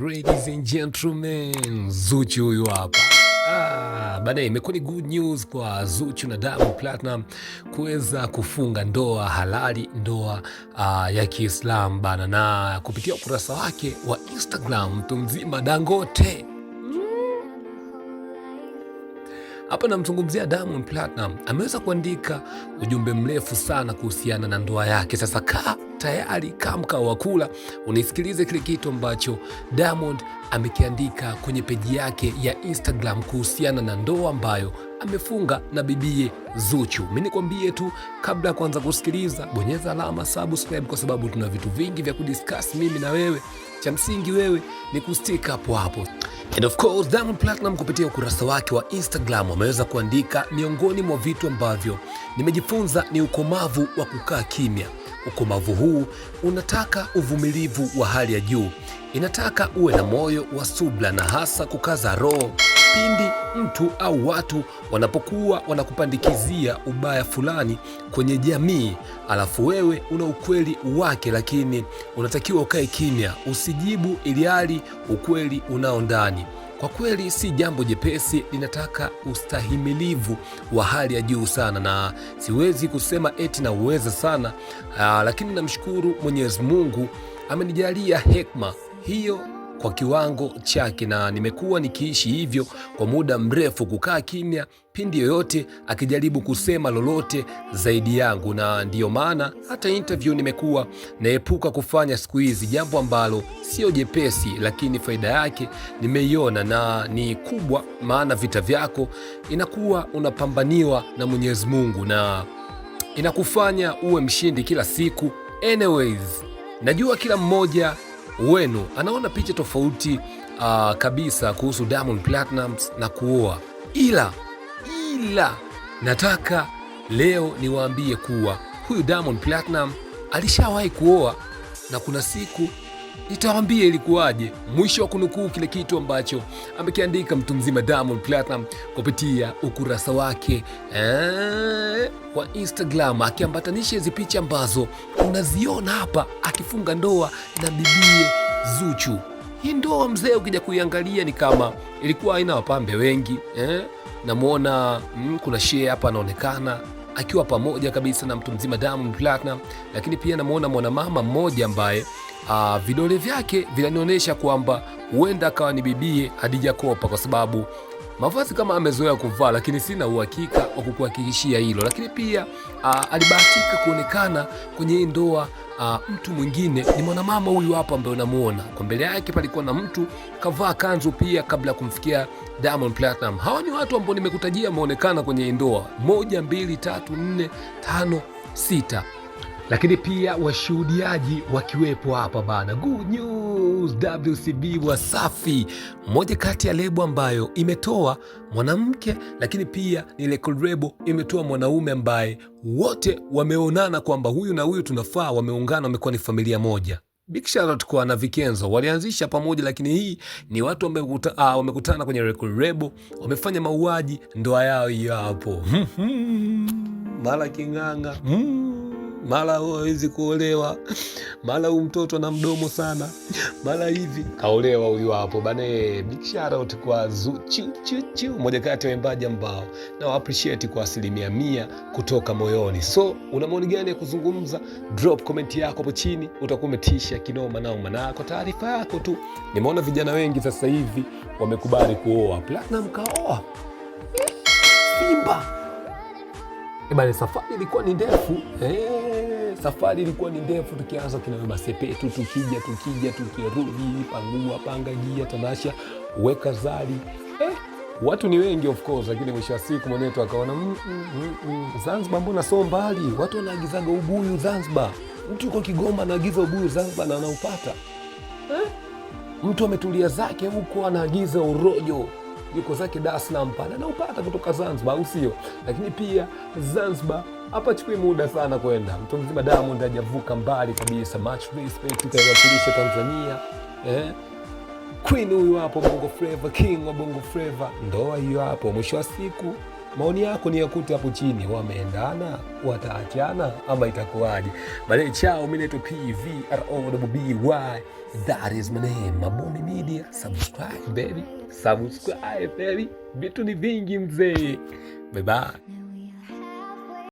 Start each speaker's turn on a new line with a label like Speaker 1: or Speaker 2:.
Speaker 1: Ladies and gentlemen, Zuchu huyu hapa. Ah, bana imekuwa ni good news kwa Zuchu na Diamond Platinum kuweza kufunga ndoa halali, ndoa uh, ya Kiislamu bana, na kupitia ukurasa wake wa Instagram mtu mzima Dangote hapa namzungumzia Diamond Platinum ameweza kuandika ujumbe mrefu sana kuhusiana na ndoa yake. Sasa kaa tayari kamka wakula unisikilize kile kitu ambacho Diamond amekiandika kwenye peji yake ya Instagram kuhusiana na ndoa ambayo amefunga na bibie Zuchu. Mimi nikwambie tu, kabla ya kuanza kusikiliza, bonyeza alama subscribe, kwa sababu tuna vitu vingi vya kudiscuss mimi na wewe. Cha msingi wewe ni kustick hapo hapo. And of course, Diamond Platinum kupitia ukurasa wake wa Instagram ameweza kuandika, miongoni mwa vitu ambavyo nimejifunza ni ukomavu wa kukaa kimya. Ukomavu huu unataka uvumilivu wa hali ya juu, inataka uwe na moyo wa subla na hasa kukaza roho pindi mtu au watu wanapokuwa wanakupandikizia ubaya fulani kwenye jamii, alafu wewe una ukweli wake, lakini unatakiwa ukae kimya, usijibu ili hali ukweli unao ndani. Kwa kweli si jambo jepesi, linataka ustahimilivu wa hali ya juu sana, na siwezi kusema eti na uweza sana aa, lakini namshukuru Mwenyezi Mungu amenijalia hekma hiyo kwa kiwango chake, na nimekuwa nikiishi hivyo kwa muda mrefu, kukaa kimya pindi yoyote akijaribu kusema lolote zaidi yangu, na ndiyo maana hata interview nimekuwa naepuka kufanya siku hizi, jambo ambalo sio jepesi, lakini faida yake nimeiona na ni kubwa, maana vita vyako inakuwa unapambaniwa na Mwenyezi Mungu na inakufanya uwe mshindi kila siku. Anyways, najua kila mmoja wenu anaona picha tofauti uh, kabisa kuhusu Diamond Platnumz na kuoa, ila ila nataka leo niwaambie kuwa huyu Diamond Platnumz alishawahi kuoa na kuna siku nitawambia ilikuwaje. Mwisho wa kunukuu kile kitu ambacho amekiandika mtu mzima Diamond platnam kupitia ukurasa wake eee, eh, wa Instagram akiambatanisha hizi picha ambazo unaziona hapa akifunga ndoa na bibie Zuchu. Hii ndoa mzee, ukija kuiangalia ni kama ilikuwa aina wapambe wengi eh? Namwona mm, kuna shee hapa anaonekana akiwa pamoja kabisa na mtu mzima Diamond Platnumz, lakini pia namwona mwanamama mmoja ambaye Uh, vidole vyake vinanionyesha kwamba huenda akawa ni bibie Hadija Kopa kwa sababu mavazi kama amezoea kuvaa, lakini sina uhakika wa kukuhakikishia hilo. Lakini pia uh, alibahatika kuonekana kwenye ndoa uh, mtu mwingine ni mwanamama huyu hapa ambaye unamuona kwa mbele yake, palikuwa na mtu kavaa kanzu pia, kabla ya kumfikia Diamond Platinum. Hawa ni watu ambao nimekutajia wameonekana kwenye ndoa moja, mbili, tatu, nne, tano, sita, lakini pia washuhudiaji wakiwepo hapa bana. Good news. Migos WCB Wasafi, moja kati ya lebo ambayo imetoa mwanamke, lakini pia ni record imetoa mwanaume ambaye wote wameonana kwamba huyu na huyu tunafaa, wameungana, wamekuwa ni familia moja. Big shout out kwa na Vikenzo walianzisha pamoja, lakini hii ni watu wamekuta, ah, wamekutana kwenye record label, wamefanya mauaji, ndoa yao hiyo hapo mara king'anga hmm mara hawezi kuolewa, mara huyu mtoto na mdomo sana, mara hivi kaolewa huyu hapo bana. Eh, big shout out kwa Zuchu chu chu, mmoja kati ya waimbaji ambao na appreciate kwa asilimia mia kutoka moyoni. So una maoni gani ya kuzungumza? Drop comment yako hapo chini, utakuwa umetisha kinoma naoma. Na kwa taarifa yako tu, nimeona vijana wengi sasa hivi wamekubali kuoa. Platinum kaoa Simba. Ebane, eh, safari ilikuwa ni ndefu eh. Safari ilikuwa ni ndefu, tukianza kinabeba Sepetu, tukija tukija, tukirudi pangua, panga gia tanasha, weka zari eh, watu ni wengi of course, lakini mwisho wa siku mwenetu akaona mm, mm, mm, mm. Zanzibar mbona so mbali, watu wanaagizaga ubuyu Zanzibar. Mtu yuko Kigoma anaagiza ubuyu Zanzibar na anaupata eh? Mtu ametulia zake huko anaagiza urojo yuko zake Dar es Salaam pale anaupata kutoka Zanzibar, au sio? Lakini pia Zanzibar hapachukui muda sana kwenda, mtu mzima Diamond hajavuka mbali kabisa. Much respect, kaiwakilisha Tanzania eh? Queen huyu hapo, Bongo Flava King wa Bongo Flava, ndoa hiyo hapo. Mwisho wa siku maoni yako ni yakute hapo chini, wameendana wataachana ama itakuwaje? Baadaye chao, mimi naitwa PVROWBY. That is my name, Mabumi Media. Subscribe baby, subscribe baby, vitu ni vingi mzee. Bye bye.